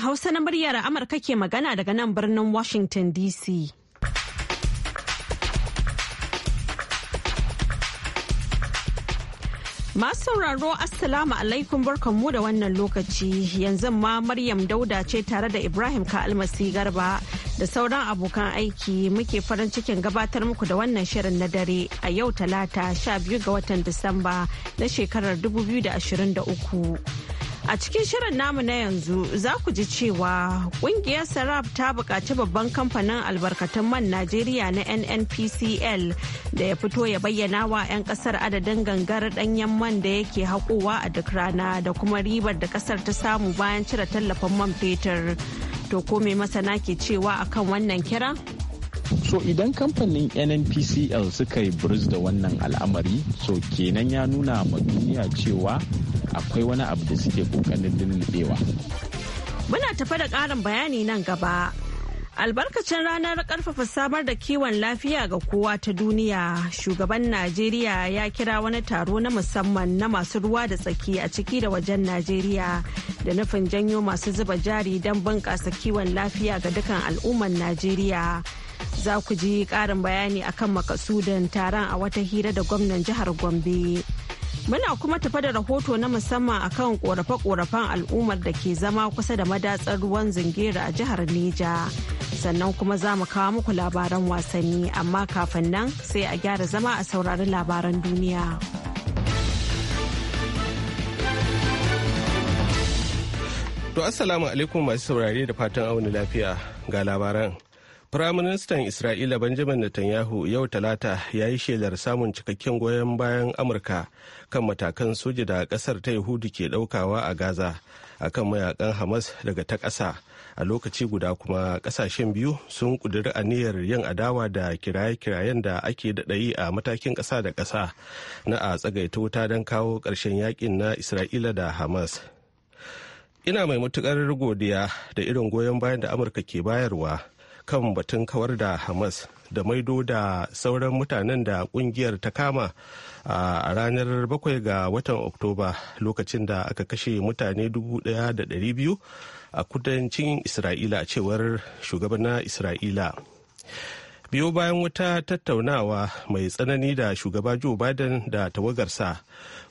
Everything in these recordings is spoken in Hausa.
Hausa na muryar Amurka ke magana daga nan birnin Washington DC. Masu sauraro Assalamu alaikum barkanmu da wannan lokaci yanzu ma Maryam Dauda ce tare da Ibrahim Ka'almasi Garba da sauran abokan aiki muke farin cikin gabatar muku da wannan shirin na dare a yau talata 12 ga watan Disamba na shekarar 2023. A cikin shirin namu na yanzu za ku ji cewa kungiyar Sarab ta buƙaci babban kamfanin albarkatun man Najeriya na NNPCL da ya fito ya bayyana wa 'yan ƙasar adadin gangar ɗanyen man da yake haƙowa a duk rana da kuma ribar da ƙasar ta samu bayan cire tallafin man fetur. To ko me masana ke cewa akan wannan kira? so idan kamfanin nnpcl suka yi da wannan al'amari so kenan ya nuna ma duniya cewa akwai wani abu da suke kokarin dinlubewa. Muna tafa da ƙarin bayani nan gaba. Albarkacin ranar ƙarfafa samar da kiwon lafiya ga kowa ta duniya, shugaban Najeriya ya kira wani taro na musamman na masu ruwa da tsaki a ciki da wajen Najeriya da nufin janyo masu zuba jari don bunƙasa kiwon lafiya ga dukan al'umman Najeriya. Za ku ji ƙarin bayani akan makasudin taron a wata hira da gwamnan jihar Gombe. Muna kuma tafa da rahoto na musamman akan korafe-korafen al'ummar da ke zama kusa da madatsar ruwan zingera a jihar Neja. Sannan kuma za mu kawo muku labaran wasanni amma kafin nan sai a gyara zama a saurari labaran duniya. To Assalamu alaikum masu saurari da fatan auni lafiya ga labaran. Firaministan Isra'ila Benjamin Netanyahu yau talata ya yi shelar samun cikakken goyon bayan Amurka kan matakan soja da ƙasar ta Yahudu ke ɗaukawa a Gaza a kan mayakan Hamas daga ta ƙasa. A lokaci guda kuma ƙasashen biyu sun ƙudiri aniyar yin adawa da kiraye-kirayen da ake daɗayi a matakin ƙasa da ƙasa na a tsagaita wuta don kawo ƙarshen yakin na Isra'ila da Hamas. Ina mai matuƙar godiya da irin goyon bayan da Amurka ke bayarwa. kan batun kawar da hamas da maido da sauran mutanen da kungiyar ta kama a ranar 7 ga watan oktoba lokacin da aka kashe mutane 1,200 a kudancin isra'ila a cewar shugaban isra'ila biyo bayan wata tattaunawa mai tsanani da shugaba joe biden da tawagarsa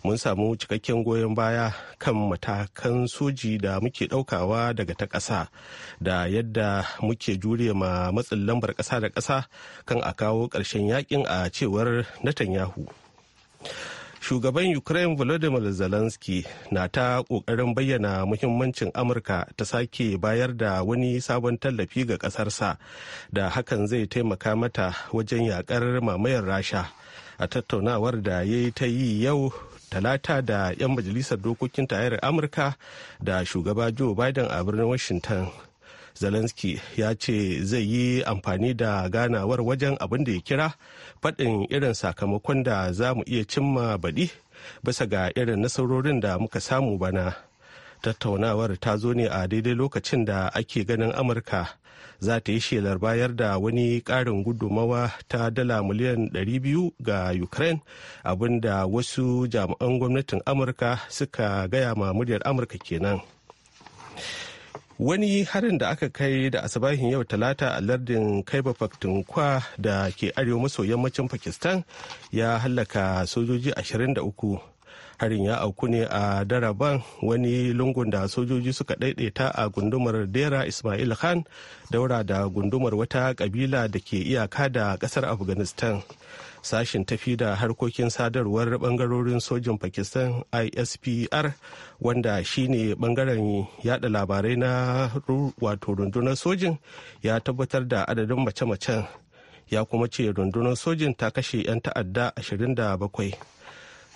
mun samu cikakken goyon baya kan matakan soji da muke daukawa daga ta ƙasa da yadda muke jure ma matsin lambar ƙasa da ƙasa kan a kawo ƙarshen yakin a cewar natanyahu. shugaban ukraine volodymyr zelensky na ta kokarin bayyana muhimmancin amurka ta sake bayar da wani sabon tallafi ga kasarsa da hakan zai taimaka mata wajen yakar mamayar rasha a tattaunawar da ya ta yi yau talata da 'yan majalisar dokokin tayar amurka da shugaba joe biden a birnin washington zelensky ya ce zai yi amfani da ganawar wajen abin da ya kira faɗin irin sakamakon da za mu iya cimma baɗi bisa ga irin nasarorin da muka samu bana tattaunawar ta zo ne a daidai lokacin da ake ganin amurka za ta yi shelar bayar da wani ƙarin gudumawa ta dala miliyan 200 ga ukraine abinda wasu jami'an gwamnatin amurka suka gaya ma muryar amurka kenan wani harin da aka kai da asabahin yau talata a lardin kaiba kwa da ke arewa maso yammacin pakistan ya hallaka sojoji 23 harin ya auku ne a daraban wani lungun da sojoji suka daidaita a gundumar dera ismail khan daura da gundumar wata kabila da ke iyaka da kasar afghanistan sashin tafi da harkokin sadarwar bangarorin sojin pakistan ispr wanda shine bangaren yada labarai na wato rundunar sojin ya tabbatar da adadin mace-macen ya kuma ce rundunar sojin ta kashe 'yan ta'adda 27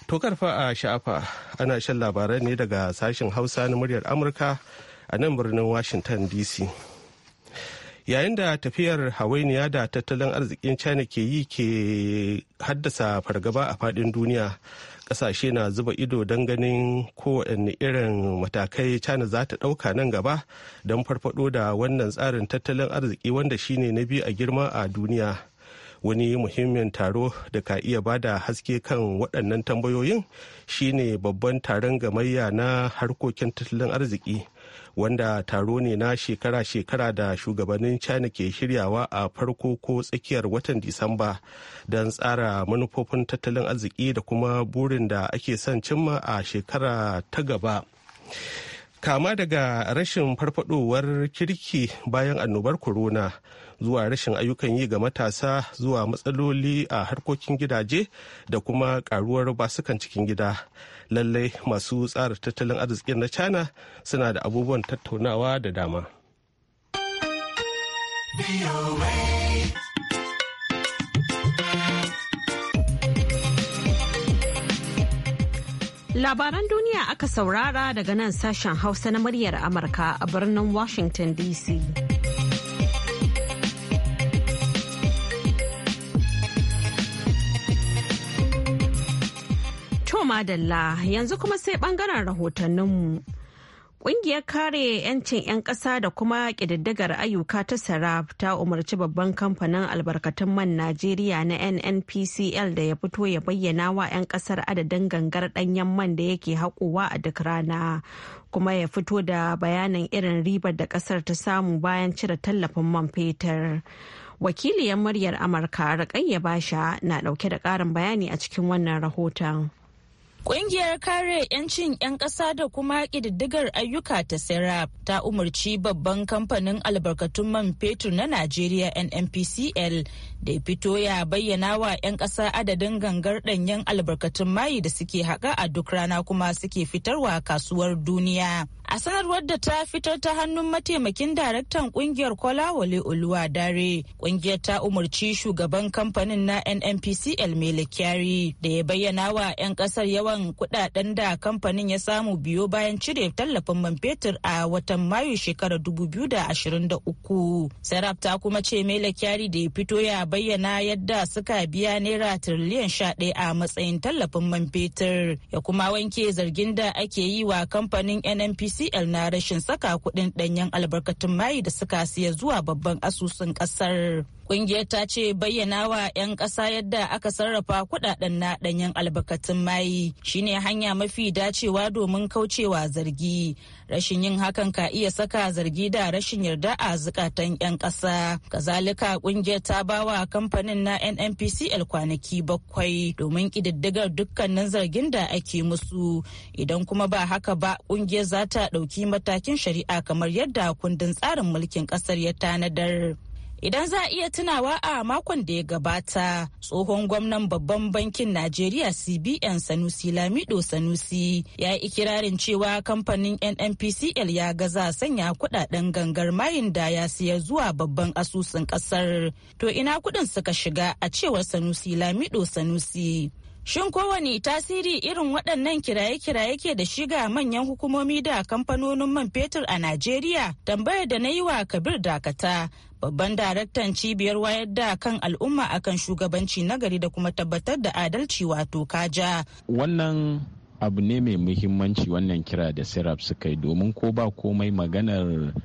To karfa a sha'afa ana shan labarai ne daga sashen Hausa na muryar Amurka a nan birnin Washington DC. Yayin da tafiyar hawainiya da tattalin arzikin China ke yi ke haddasa fargaba a fadin duniya, kasashe na zuba ido don ganin kowane irin matakai China za ta ɗauka nan gaba don farfado da wannan tsarin tattalin arziki wanda shine na biyu a girma a duniya. wani muhimmin taro da ka iya bada haske kan waɗannan tambayoyin shine babban taron gamayya na harkokin tattalin arziki wanda taro ne na shekara-shekara da shugabannin china ke shiryawa a farko ko tsakiyar watan disamba don tsara manufofin tattalin arziki da kuma burin da ake son cimma a shekara ta gaba kama daga rashin farfadowar kirki bayan annobar corona zuwa rashin ayyukan yi ga matasa zuwa matsaloli a harkokin gidaje da kuma karuwar basukan cikin gida lallai masu tsara tattalin arzikin na china suna da abubuwan tattaunawa da dama Labaran duniya aka saurara daga nan sashen Hausa na muryar Amurka a birnin Washington DC. kuma madalla yanzu kuma sai bangaren rahotanninmu. Ƙungiyar kare 'yancin 'yan ƙasa da kuma ƙididdigar ayyuka ta Sarab ta umarci babban kamfanin albarkatun man Najeriya na NNPCL da ya fito ya bayyana wa 'yan ƙasar adadin gangar ɗanyen man da yake haƙowa a duk rana, kuma ya fito da bayanin irin ribar da ƙasar ta samu bayan cire tallafin man fetur. Wakiliyar muryar Amurka rakayya Basha na ɗauke da ƙarin bayani a cikin wannan rahoton. Ƙungiyar kare 'yancin 'yan ƙasa da kuma ƙididdigar ayyuka ta serap ta umarci babban kamfanin albarkatun man fetur na Najeriya NNPCL da ya fito ya bayyana wa 'yan ƙasa adadin gangar ɗanyen albarkatun mayi da suke haƙa a duk rana kuma suke fitarwa kasuwar duniya. A sanarwar da ta fitar ta hannun mataimakin daraktan kungiyar oluwa Dare kungiyar ta umarci shugaban kamfanin na NNPCL Mele Kyari da ya bayyana wa 'yan kasar yawan kudaden da kamfanin ya samu biyo bayan cire tallafin man fetur a watan Mayu shekarar 2023. Sarab ta kuma ce Mele Kyari da ya fito ya bayyana yadda suka biya naira tiriliyan ɗaya a matsayin tallafin man fetur ya kuma wanke zargin da ake yi wa kamfanin NNPC ecl na rashin saka kuɗin ɗanyen albarkatun mayi da suka siya zuwa babban asusun ƙasar. Kungiyar ta ce bayyana wa 'yan ƙasa yadda aka sarrafa kudaden na ɗanyen albarkatun mayi shine hanya mafi dacewa domin kaucewa zargi. Rashin yin hakan ka iya saka zargi da rashin yarda a zukatan 'yan ƙasa. Kazalika kungiyar ta ba wa kamfanin na NNPC kwanaki bakwai domin ƙididdigar dukkanin zargin da ake musu. Idan kuma ba haka ba kungiyar za ta ɗauki matakin shari'a kamar yadda kundin tsarin mulkin ƙasar ya tanadar. Idan za a iya tunawa a makon da ya gabata, tsohon gwamnan babban bankin Najeriya CBN Sanusi Lamido Sanusi ya yi ikirarin cewa kamfanin NNPCL ya gaza sanya kudaden gangar mayin da ya siya zuwa babban asusun kasar. To ina kudin suka shiga a cewar Sanusi Lamido Sanusi. Shin kowane tasiri irin waɗannan kiraye-kiraye ke da shiga manyan hukumomi da kamfanonin man fetur a Najeriya? Tambayar da na yi wa Kabir Dakata, babban daraktan cibiyar wayar da kan al'umma akan shugabanci nagari da kuma tabbatar da adalci wato kaja. Wannan abu ne mai muhimmanci wannan kira da sirap suka yi domin ko ba komai maganar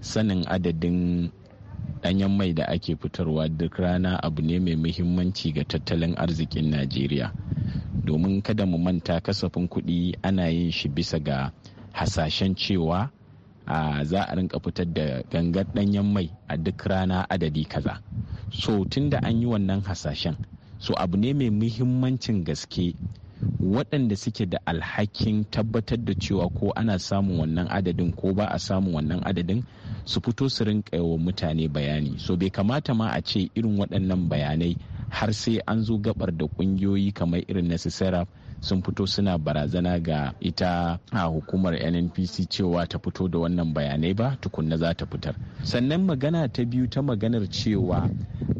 sanin adadin danyen mai da ake fitarwa duk rana abu ne mai muhimmanci ga tattalin arzikin najeriya domin kada mu manta kasafin kuɗi ana yin shi bisa ga hasashen cewa a za a rinka fitar da gangar danyen mai a duk rana adadi kaza so tunda an yi wannan hasashen so abu ne mai muhimmancin gaske waɗanda suke da alhakin tabbatar da cewa ko ana samun wannan adadin ko ba a samun wannan adadin su fito su rinka wa mutane bayani so bai kamata ma a ce irin waɗannan bayanai har sai an zo gabar da ƙungiyoyi kamar irin na sisera sun fito suna barazana ga ita a hukumar nnpc cewa ta fito da wannan bayanai ba tukunna za ta fitar sannan magana ta biyu ta maganar cewa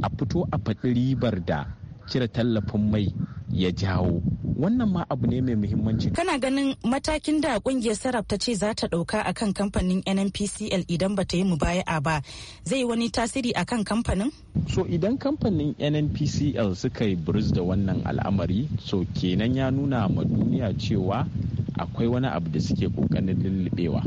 a fito a faɗi ribar da cire tallafin mai ya jawo wannan ma abu ne mai muhimmanci kana ganin matakin da kungiyar sarraf ta ce za ta dauka akan kamfanin nnpcl idan ba ta yi mu mubaya'a ba zai wani tasiri akan kamfanin so idan kamfanin nnpcl suka yi burus da wannan al'amari so kenan ya nuna ma duniya cewa akwai wani abu da suke kokarin lullubewa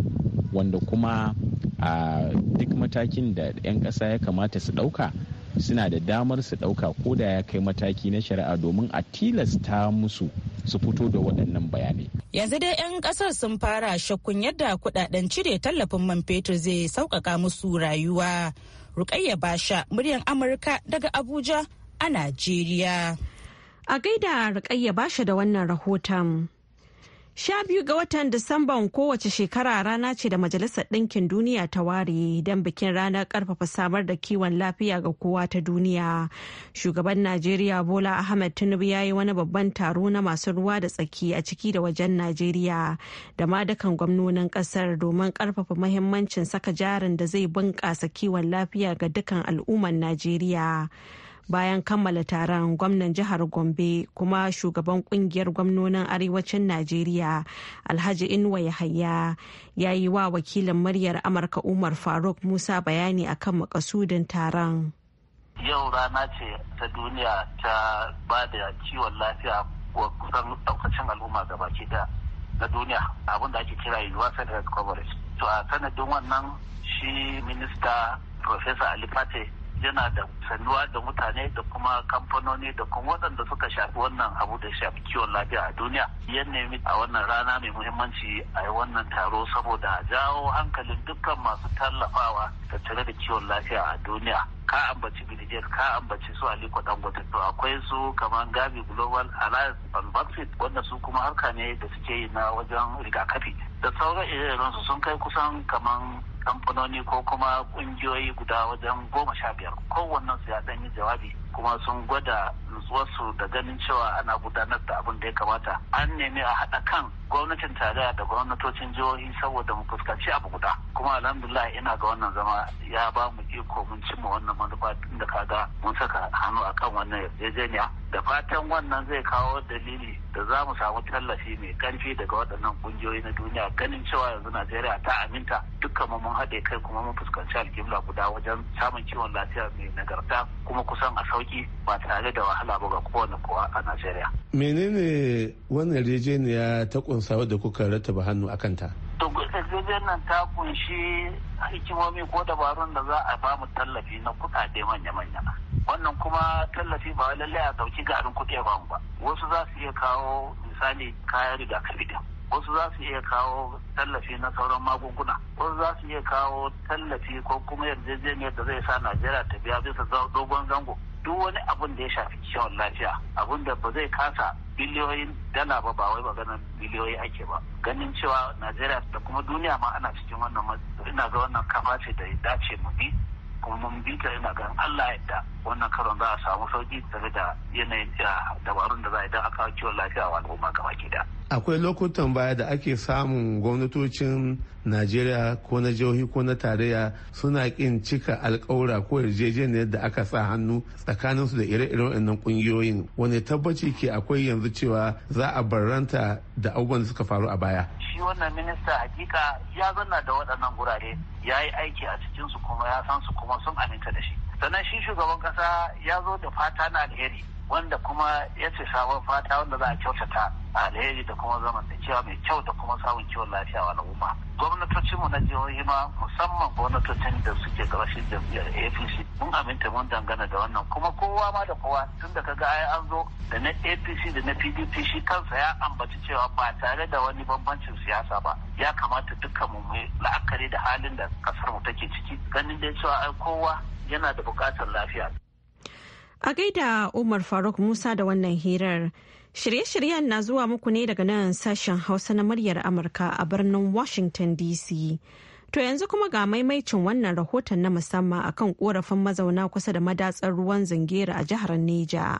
wanda kuma a ah, duk matakin da 'yan kasa ya kamata su ɗauka suna da damar su ɗauka ko da ya kai mataki na shari'a domin a tilasta musu su fito da waɗannan bayanai. Yanzu dai 'yan ƙasar sun fara shakkun yadda kuɗaɗen cire tallafin man fetur zai sauƙaƙa musu rayuwa. Rukayya Basha, muryar Amurka daga Abuja a Najeriya. A gaida Rukayya Basha da wannan rahoton. Sha biyu ga watan Disamban kowace shekara rana ce da Majalisar Ɗinkin Duniya ta ware don bikin ranar ƙarfafa samar da kiwon lafiya ga kowa ta duniya. Shugaban Najeriya Bola Ahmed Tinubu ya yi wani babban taro na masu ruwa da tsaki a ciki da wajen Najeriya da ma dukan gwamnonin ƙasar domin ƙarfafa mahimmancin saka jarin da zai bunƙasa kiwon lafiya ga dukkan al'ummar Najeriya. bayan kammala taron gwamnan jihar gombe kuma shugaban kungiyar gwamnonin arewacin najeriya alhaji inuwa yahaya ya yi wa wakilin muryar amurka umar faruk musa bayani akan makasudin taron yau rana ce ta duniya ta ba da kiwon lafiya wa kusan daukacin al'umma baki da na duniya abin da ake kira universal health coverage to a sanadin wannan shi minista professor ali yana da sanuwa da mutane da kuma kamfanoni da kuma waɗanda suka shafi wannan abu da shafi kiwon lafiya a duniya ya nemi a wannan rana mai muhimmanci a yi wannan taro saboda a jawo hankalin dukkan masu tallafawa tattare da kiwon lafiya a duniya ka ambaci bilijer ka ambaci su aliko dangote to akwai su kamar gabi global alliance on vaccine wanda su kuma harka ne da suke yi na wajen rigakafi da sauran irin su sun kai kusan kamar kamfanoni ko kuma ƙungiyoyi guda wajen goma sha biyar kowannen su ya ɗan yi jawabi kuma sun gwada nutsuwarsu da ganin cewa ana gudanar da abin da ya kamata an nemi a haɗa kan gwamnatin tarayya da gwamnatocin jihohi saboda mu fuskanci abu guda kuma alhamdulillah ina ga wannan zama ya ba mu iko mun cimma wannan manufa da kaga mun saka hannu a kan wannan yarjejeniya da fatan wannan zai kawo dalili da za mu samu tallafi mai karfi daga waɗannan ƙungiyoyi na duniya ganin cewa yanzu najeriya ta aminta dukkan mu mun haɗe kai kuma mun fuskanci alƙibla guda wajen samun kiwon lafiya mai nagarta kuma kusan a sauki ba tare da wahala ba ga kowane kowa a Najeriya. Menene wannan yarjejeniya ta kunsa wadda kuka rattaba hannu a kanta? To nan ta kunshi hikimomi ko dabarun da za a ba mu tallafi na kuɗaɗe manya-manya. Wannan kuma tallafi ba lallai a ga garin kuɗi ba ba. Wasu za su iya kawo misali kayan rigakafi da wasu za su iya kawo tallafi na sauran magunguna wasu za su iya kawo tallafi ko kuma yarjejeniyar da zai sa najeriya ta biya bisa dogon zango duk wani abun da ya shafi kiwon lafiya abun da ba zai kasa biliyoyin dala ba ba wai maganar biliyoyi ake ba ganin cewa najeriya da kuma duniya ma ana cikin wannan ina ga wannan kafa ce da ya dace mu bi kuma mun bi ta ina ganin Allah yadda wannan karon za a samu sauki tare da yanayin da dabarun da za a yi don a kawo kiwon lafiya wa al'umma gaba gida. Akwai lokutan baya da ake samun gwamnatocin Najeriya ko na jihohi ko na tarayya suna kin cika alƙawura ko yarjejeniyar da aka sa hannu tsakanin su da ire-iren wannan kungiyoyin wani tabbaci ke akwai yanzu cewa za a barranta da abubuwan da suka faru a baya. shi wannan minista hakika ya zanna da waɗannan gurare ya yi aiki a cikinsu kuma ya san su kuma sun aminta da shi sannan shi shugaban ƙasa ya zo da fata na alheri wanda kuma ya ce sabon fata wanda za a kyautata alheri da kuma zaman da cewa mai kyau da kuma samun kiwon lafiya wa al'umma gwamnatocinmu na jihohi ma musamman gwamnatocin da suke karshen jam'iyyar apc mun aminta mun dangana da wannan kuma kowa ma da kowa tun da ga ai an zo da na apc da na pdp shi kansa ya ambaci cewa ba tare da wani bambancin siyasa ba ya kamata dukkan mu la'akari da halin da kasar mu take ciki ganin dai cewa ai kowa yana da buƙatar lafiya A gaida Umar Faruk Musa da wannan hirar. Shirye-shiryen na zuwa muku ne daga nan sashen Hausa na muryar Amurka a birnin Washington DC. To yanzu kuma ga maimaicin wannan rahoton na musamman akan korafin mazauna kusa da madatsar ruwan zingera a jihar Neja.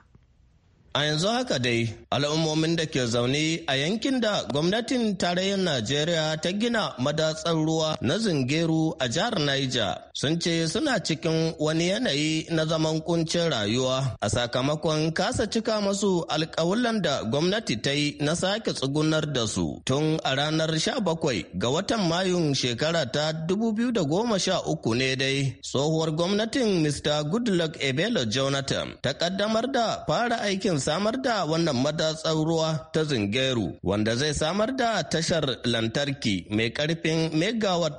A yanzu haka dai, al'ummomin da ke zaune a yankin da gwamnatin tarayyar Najeriya ta gina madatsar ruwa na zingeru a jihar Niger sun ce suna cikin wani yanayi na zaman kuncin rayuwa a sakamakon kasa cika masu alkawulan da gwamnati ta yi na sake tsugunar da su tun a ranar 17 ga watan Mayun shekara ta 2013 ne dai. Tsohuwar gwamnatin Mr. Goodluck Ebelo Jonathan ta kaddamar da fara aikin samar da wannan madatsar ruwa ta Zingeru wanda zai samar da tashar lantarki mai karfin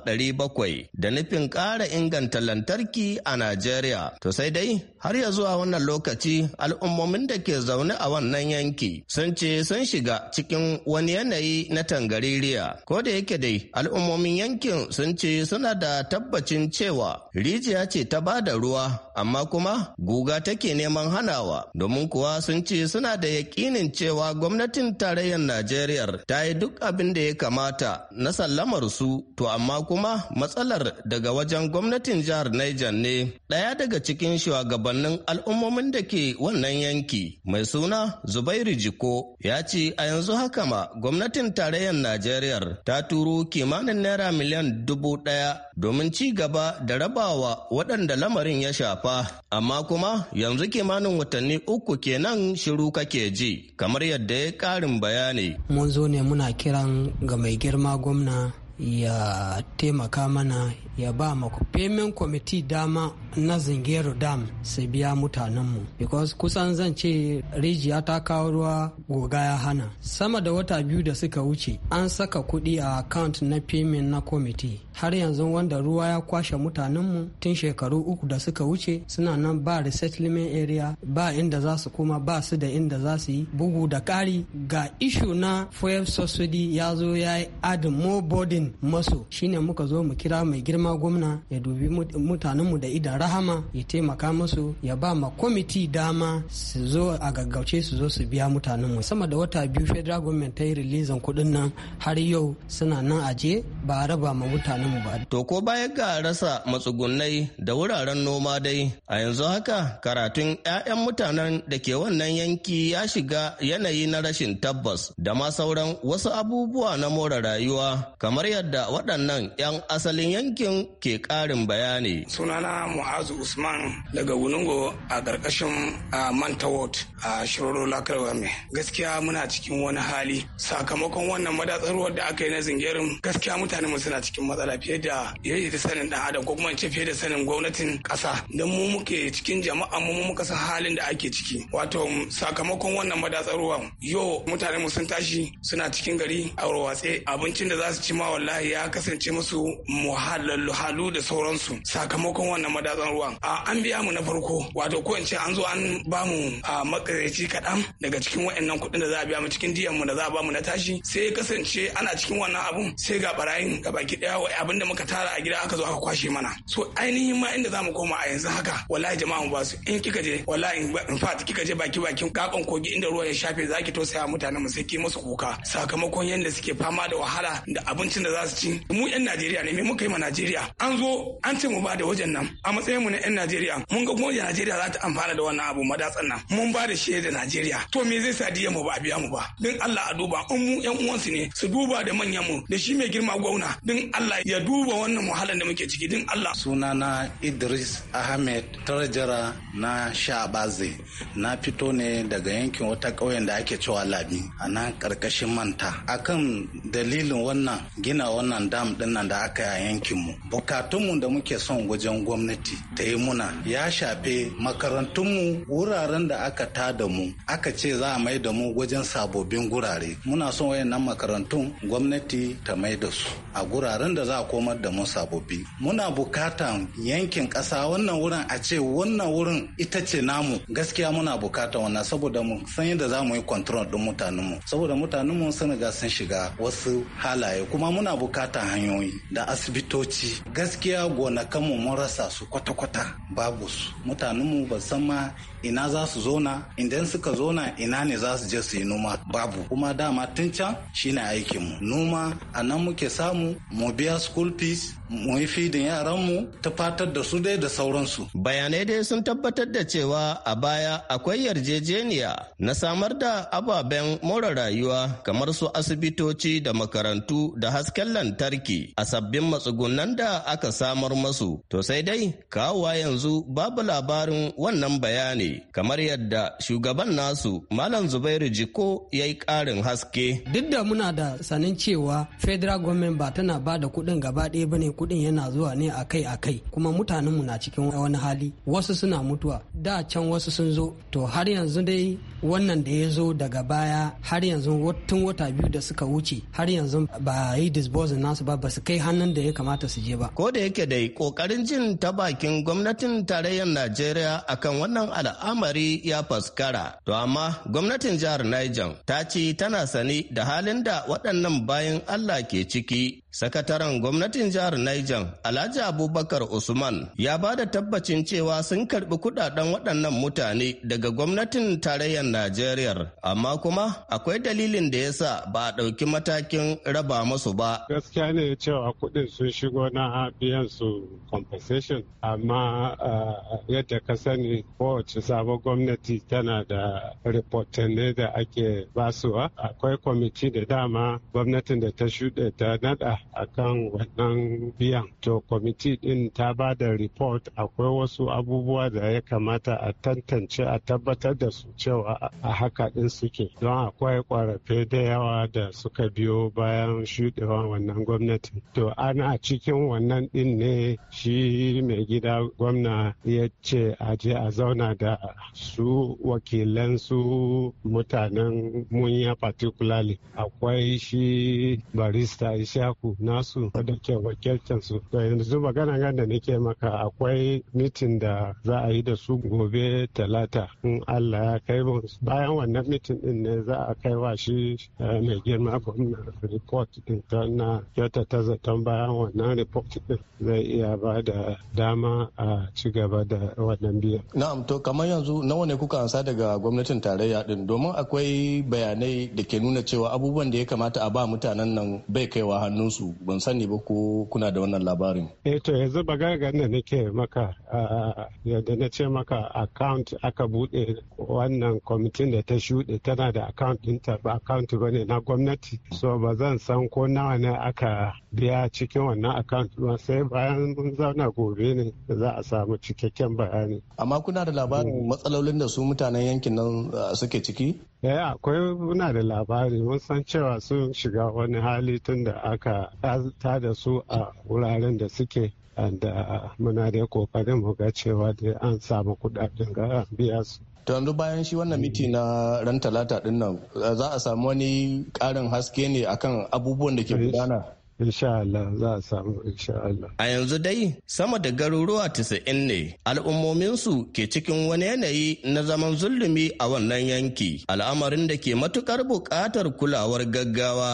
ɗari bakwai da nufin ƙara inganta lantarki a Najeriya. To sai dai har ya zuwa wannan lokaci al'ummomin da ke zaune a wannan yanki sun ce sun shiga cikin wani yanayi na tangaririya. Ko da yake dai al'ummomin yankin sun ce suna da tabbacin cewa rijiya ce ta ba da ruwa amma kuma guga take neman hanawa domin kuwa sun ce ce suna da yakinin cewa gwamnatin tarayyar Najeriya ta yi duk abin da ya kamata na sallamar su to amma kuma matsalar daga wajen gwamnatin jihar Niger ne ɗaya daga cikin shugabannin al'ummomin da ke wannan yanki mai suna Zubairu Jiko ya ce a yanzu haka ma gwamnatin tarayyar Najeriya ta turo kimanin naira miliyan dubu ɗaya domin ci gaba da rabawa waɗanda lamarin ya shafa amma kuma yanzu kimanin watanni uku kenan shiru kake ji kamar yadda ya ƙarin bayani. Mun zo ne muna kiran ga mai girma gwamna ya taimaka mana ya ba ma payment committee dama na zingero dam su biya mutanenmu because kusan zan ce rijiya ta kawo ruwa goga ya hana sama da wata biyu da suka wuce an saka kuɗi a account na payment na committee har yanzu wanda ruwa ya kwashe mutanenmu tun shekaru uku da suka wuce suna nan ba resettlement area ba inda za su kuma ba su da inda za su yi bugu da ƙari ga ishu na fuel subsidy ya zo ya yi add more burden maso shine muka zo mu kira mai girma gwamna ya dubi mutanenmu da idan rahama ya taimaka musu ya ba ma kwamiti dama su zo a gaggauce su zo su biya mutanen mu sama da wata biyu federal government ta yi rilizan kuɗin nan har yau suna nan aje ba a raba ma mutanen mu ba. To ko baya ga rasa matsugunai da wuraren noma dai a yanzu haka karatun 'ya'yan mutanen da ke wannan yanki ya shiga yanayi na rashin tabbas da ma sauran wasu abubuwa na more rayuwa kamar yadda waɗannan 'yan asalin yankin ke ƙarin bayani. Sunana ma'azu usman daga wulungo a ƙarƙashin manta ward a shiroro lakarwa mai gaskiya muna cikin wani hali sakamakon wannan madatsarwar da aka yi na zingirin gaskiya mutane mu suna cikin matsala fiye da yadda da sanin dan adam ko kuma ce fiye da sanin gwamnatin ƙasa don mu muke cikin jama'a mu muka san halin da ake ciki wato sakamakon wannan madatsarwar yau mutane mu sun tashi suna cikin gari a rawatse abincin da za su ci ma wallahi ya kasance musu muhallalu halu da sauransu sakamakon wannan madatsarwar sauran ruwan an biya mu na farko wato ko in ce an zo an ba mu a makareci kaɗan daga cikin waɗannan kuɗin da za a biya mu cikin diyan mu da za a ba mu na tashi sai kasance ana cikin wannan abun sai ga barayin ga baki ɗaya abin da muka tara a gida aka zo aka kwashe mana so ainihin ma inda za mu koma a yanzu haka wallahi jama'a mu ba su in kika je wallahi in fact kika je baki bakin kakan kogi inda ruwa ya shafe za ki tausaya mutanen mu sai ki musu kuka sakamakon yadda suke fama da wahala da abincin da za su ci mu 'yan Najeriya ne me muka yi ma Najeriya an zo an ce mu ba da wajen nan a matsayin matsayin mu na yan Najeriya mun ga gwamnatin Najeriya za ta amfana da wannan abu madatsan nan mun ba da shi da Najeriya to me zai sa diya mu ba a biya mu ba din Allah a duba in mu yan uwansu ne su duba da manyan mu da shi mai girma gwamna din Allah ya duba wannan muhalin da muke ciki din Allah sunana Idris Ahmed tarjara na Shabaze na fito ne daga yankin wata ƙauyen da ake cewa Labi a nan karkashin manta akan dalilin wannan gina wannan dam din nan da aka yi a yankin mu bukatun mu da muke son wajen gwamnati ta yi muna ya shafe makarantunmu wuraren da aka ta da mu aka ce za a mai da mu wajen sababbin gurare muna son wayannan makarantun gwamnati ta mai da su a guraren da za a komar da mu sababbi muna bukatan yankin ƙasa wannan wurin a ce wannan wurin ita ce namu gaskiya muna bukata wannan saboda mu san yadda za mu yi control din mutanenmu saboda mutanenmu sun riga sun shiga wasu halaye kuma muna bukatan hanyoyi da asibitoci gaskiya gonakanmu mun rasa su kwata kwata-kwata babu su mutanenmu ba san ma ina za su zona idan suka zona ina ne za su je su yi noma babu kuma dama tun can shine aikinmu noma a nan muke samu mu biya school fees mu yi fidin yaranmu ta fatar da su dai da sauransu bayanai dai sun tabbatar da cewa a baya akwai yarjejeniya na samar da ababen more rayuwa kamar su asibitoci da makarantu da hasken lantarki a sabbin matsugunan da aka samar masu to sai dai kawowa yanzu babu labarin wannan bayani kamar yadda shugaban nasu malam zubairu jiko ya yi karin haske duk da muna da sanin cewa federal government ba tana ba da kuɗin gaba ɗaya bane kuɗin yana zuwa ne akai akai kuma mutanenmu na cikin wani hali wasu suna mutuwa da can wasu sun zo to har yanzu dai wannan da ya zo daga baya har yanzu tun wata biyu da suka wuce har yanzu ba yi disposal nasu ba ba su kai hannun da ya kamata su je ba ko da yake dai kokarin jin ta baki bakin gwamnatin tarayyar Najeriya akan wannan al'amari ya faskara. To amma gwamnatin jihar Niger ta ce tana sani da halin da waɗannan bayan Allah ke ciki Sakataren gwamnatin jihar Niger, Alhaji Abubakar Usman, ya ba da tabbacin cewa sun karbi kudaden waɗannan mutane daga gwamnatin tarayyar Najeriya, amma kuma akwai dalilin da ya sa ba a ɗauki matakin raba masu ba. Gaskiya ne cewa kuɗin sun shigo na biyan su compensation, amma eh, yadda ka sani kowace sabon gwamnati tana da rahotanni da ake basuwa. Akwai kwamiti da dama gwamnatin da ta shuɗe ta nada. A kan wannan biyan to kwamiti ɗin ta ba da report akwai wasu abubuwa da ya kamata a tantance a tabbatar da su cewa a haka din suke don akwai kwarafe da yawa da suka biyo bayan shuɗewa wannan gwamnati to ana cikin wannan ɗin ne shi mai gida gwamna ya ce a je a zauna da su wakilan su mutanen munya particularly akwai shi barista ishaku nasu da ke wakilcin su yanzu magana gan da nake maka akwai mitin da za a yi da su gobe talata in Allah ya kai mu bayan wannan mitin din ne za a kai wa shi eh, mai girma gwamna report din na kyauta ta zaton bayan wannan report din zai iya ba da dama a ci gaba da wannan biyan. Na'am to kamar yanzu nawa ne kuka ansa daga gwamnatin tarayya din domin akwai bayanai da ke nuna cewa abubuwan da ya kamata a ba mutanen nan bai kaiwa hannunsu su ban sani ba ko kuna da wannan labarin. Eh to yanzu baga da nake maka Ah, yadda na ce maka account aka bude wannan kwamitin da ta shuɗe tana da account ɗinta ba account ba ne na gwamnati so ba zan san ko nawa ne aka biya cikin wannan account ba sai bayan mun zauna gobe ne za a samu cikakken bayani amma kuna da labarin hmm. matsalolin da su mutanen yankin nan ah, suke ciki ya eh, akwai muna da labari mun san cewa sun shiga wani hali tun da aka ta da su a wuraren da suke da muna da kokarin mu ga cewa da an samu kudaden ga biya su to yanzu bayan shi wannan miti na ran talata din nan za a samu wani karin haske ne akan abubuwan da ke gudana insha Allah za a samu insha Allah a yanzu dai sama da garuruwa 90 ne al'ummomin su ke cikin wani yanayi na zaman zulumi a wannan yanki al'amarin da ke matukar buƙatar kulawar gaggawa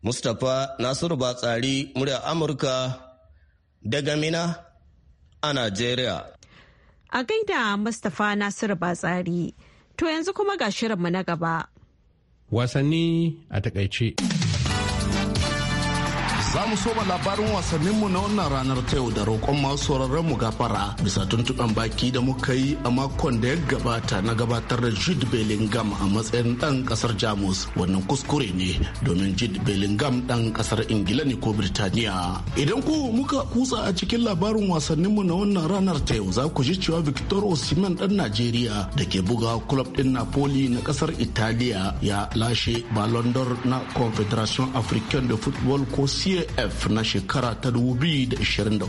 Mustapha Nasiru Batsari murya Amurka daga Mina a Najeriya. A gaida Mustapha Nasiru Batsari, to yanzu kuma ga shirinmu na gaba. Wasanni a takaice. Za mu soma labarin wasanninmu na wannan ranar ta yau da roƙon masu sauraron mu gafara bisa tuntuɓen baki da muka yi a makon da ya gabata na gabatar da Jude Bellingham a matsayin ɗan ƙasar Jamus. Wannan kuskure ne domin Jude Bellingham ɗan ƙasar Ingila ne ko Birtaniya. Idan ku muka kusa a cikin labarin wasanninmu na wannan ranar ta yau za ku ji cewa Victor Osimhen ɗan Najeriya da ke buga club ɗin Napoli na ƙasar Italiya ya lashe Ballon d'Or na Confederation African de Football ko cia CAF na shekara ta 2023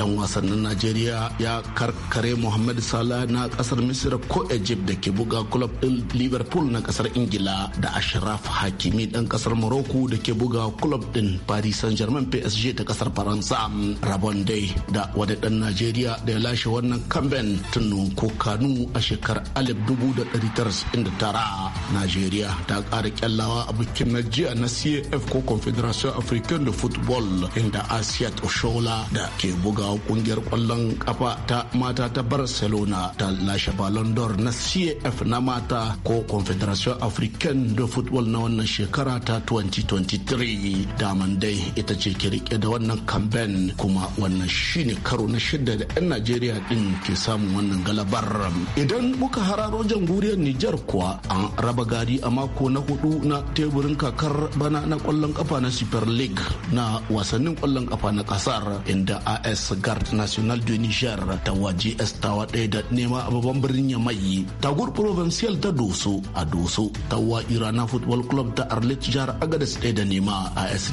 dan wasannin Najeriya ya karkare Muhammad Salah na kasar Misira ko Egypt da ke buga club din Liverpool na kasar Ingila da Ashraf Hakimi dan kasar Morocco da ke buga club din Paris Saint-Germain PSG ta kasar Faransa Rabon Day da wani dan Najeriya da ya lashe wannan kamben tun ko Kanu a shekarar 1999 Najeriya ta kara kyallawa a bikin na jiya na CAF ko Confederation Africa Champion de Football inda Asiat Oshola da ke buga kungiyar kwallon kafa ta mata ta Barcelona ta lashe Ballon d'Or na CAF na mata ko Confederation African de Football na wannan shekara ta 2023. Daman dai ita ce ke rike da wannan campaign kuma wannan shine karo na shidda da 'yan Najeriya din ke samun wannan galabar. Idan muka hararo jamhuriyar Nijar kuwa an raba gari a mako na hudu na teburin kakar bana na kwallon kafa na Super League na wasannin kwallon kafa na kasar inda AS Guard National de Niger ta waje tawa ɗaya da nema a babban birnin ya Yamai. Tagur Provincial ta Doso a Doso ta wa Irana Football Club ta arlet jihar agadis ɗaya da nema AS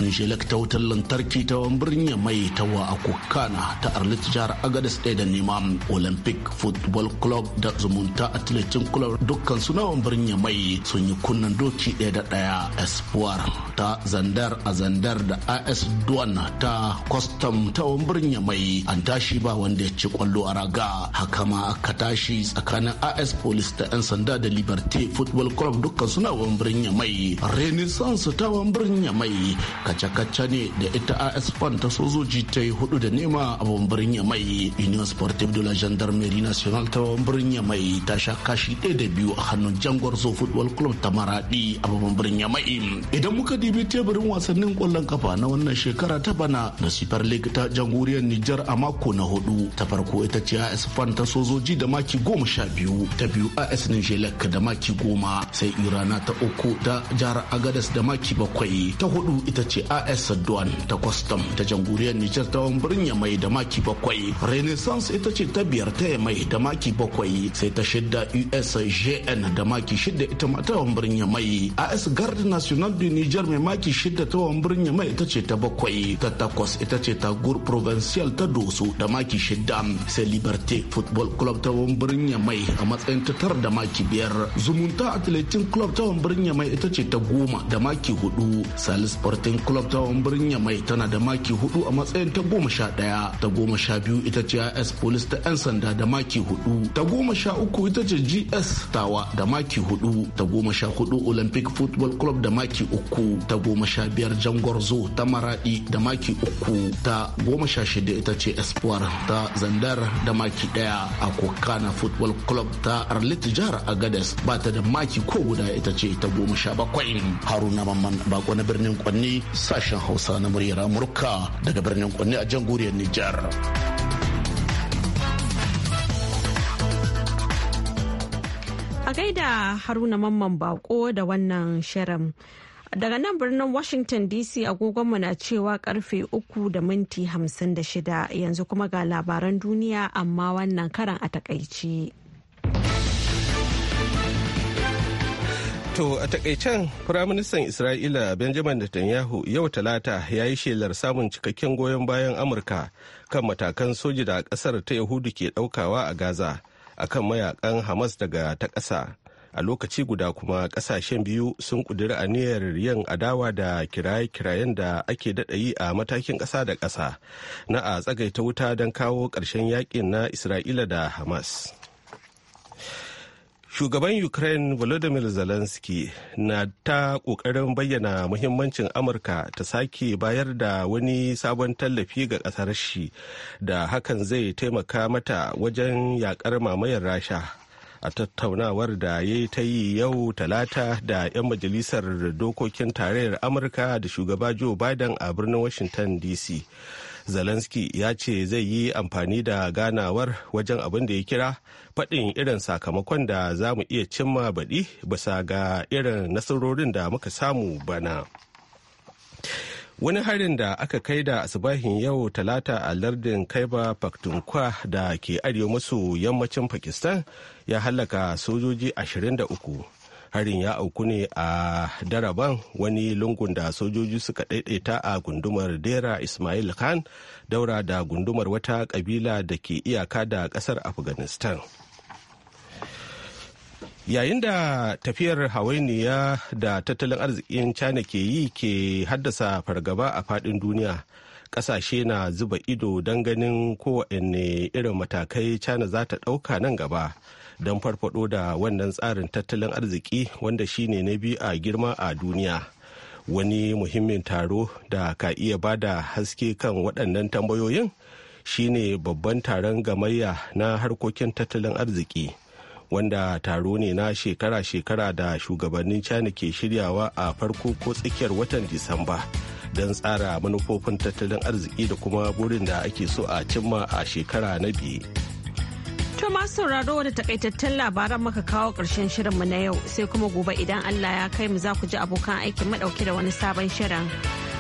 ta wutar lantarki ta babban birnin Yamai ta wa Akokana ta arlet jihar agadis ɗaya da nema Olympic Football Club da Zumunta Athletic Club dukkan su na birnin Yamai sun yi kunnan doki ɗaya da ɗaya Espoir ta Zandar a Zandar da is duan ta kwastam ta wambirin mai an tashi ba wanda ya ci kwallo a raga haka ma aka tashi tsakanin is police da 'yan sanda da liberty football club dukkan suna wambirin mai renaissance ta wambirin mai kace-kace ne da ita is fan ta sojoji ta yi hudu da nema a wambirin mai union sportive de la gendarmerie nationale ta wambirin mai ta sha kashi ɗaya da biyu a hannun jangwar zo football club ta maraɗi a wambirin mai idan muka dibi teburin wasannin kwallon kafa Nuwamba na wannan shekara ta bana da Super League ta jamhuriyar Nijar a mako na hudu. Ta farko ita ce AS Fan ta sojoji da maki goma sha biyu, ta biyu AS Nijelek da maki goma, sai Irana ta uku ta jihar Agadas da maki bakwai, ta hudu ita ce AS Saduwan ta Kwastam ta jamhuriyar Nijar ta wambirin Yamai da maki bakwai, Renaissance ita ce ta biyar ta Yamai da maki bakwai, sai ta shidda USJN da maki shidda ita ma ta wambirin Yamai, AS Garde National de Nijar mai maki shidda ta wambirin Yamai ita ce ta bakwai ta takwas ita ce ta gur provincial ta doso da maki shida sai liberty football club ta wambirin yamai a matsayin ta tara da maki biyar zumunta athletic club ta wambirin yamai ita ce ta goma da maki hudu salis sporting club ta wambirin yamai tana da maki hudu a matsayin ta goma sha daya ta goma sha biyu ita ce is police ta yan sanda da maki hudu ta goma sha uku ita ce gs tawa da maki hudu ta goma sha hudu olympic football club da maki uku ta goma sha biyar jangorzo ta maradi da maki uku ta goma sha shida ita ce espoir ta zandar da maki daya a kokana football club ta arlit jihar agades ba ta da maki ko guda ita ce ta goma sha bakwai haruna mamman bako na birnin kwanni sashen hausa na muryar amurka daga birnin kwanni a jamhuriyar nijar a gaida haruna mamman bako da wannan shirin Daga nan birnin Washington DC agogonmu na cewa karfe uku da minti hamsin yanzu kuma ga labaran duniya amma wannan karan a takaice. To a takaicen Firaministan Isra'ila Benjamin Netanyahu yau talata ya yi shelar samun cikakken goyon bayan Amurka kan matakan soji da kasar ta Yahudu ke daukawa a Gaza akan mayakan Hamas daga ta ƙasa. a lokaci guda kuma kasashen biyu sun kudiri aniyar yin adawa da kiraye-kirayen da ake daɗa yi a matakin ƙasa da ƙasa na a tsagaita wuta don kawo ƙarshen yakin na isra'ila da hamas shugaban ukraine volodymyr zelensky na ta ƙoƙarin bayyana muhimmancin amurka ta sake bayar da wani sabon tallafi ga ƙasar shi da hakan zai taimaka mata wajen yakar mamayar rasha a tattaunawar da ya yi ta yi yau talata da 'yan majalisar dokokin tarayyar amurka da shugaba joe biden a birnin washington dc zelensky ya ce zai yi amfani da ganawar wajen abin da ya kira faɗin irin sakamakon da za mu iya cimma baɗi bisa ga irin nasarorin da muka samu bana. wani harin da aka kai da asibahin yau talata a lardin kaiba paktunkwa da ke arewa maso yammacin pakistan ya hallaka sojoji 23 harin ya auku ne a daraban wani lungun da sojoji suka daidaita a gundumar dera ismail khan daura da gundumar wata kabila da ke iyaka da kasar afghanistan yayin da tafiyar hawainiya da tattalin arzikin china ke yi ke haddasa fargaba a fadin duniya kasashe na zuba ido don ganin kowanne irin matakai china za ta ɗauka nan gaba don farfado da wannan tsarin tattalin arziki wanda shine na biyu a girma a duniya wani muhimmin taro da ka iya ba da haske kan waɗannan tambayoyin shine babban taron gamayya na harkokin tattalin arziki wanda taro ne na shekara-shekara da shugabannin china ke shiryawa a farko ko tsakiyar watan disamba don tsara manufofin tattalin arziki da kuma burin da ake so a cimma a shekara na biye. To masu sauraro wadda takaitattun labaran muka kawo ƙarshen shirinmu na yau sai kuma gobe idan Allah ya kai mu za ku ji abokan aikin madauke da wani sabon shirin.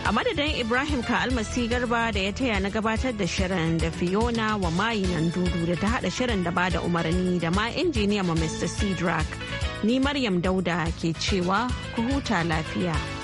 A madadin Ibrahim ka almasi garba da ya taya na gabatar da shirin da Fiona wa nan dudu da ta haɗa shirin da ba da umarni da ma injiniya ma Mr. Cedric. Ni Maryam Dauda ke cewa ku huta lafiya.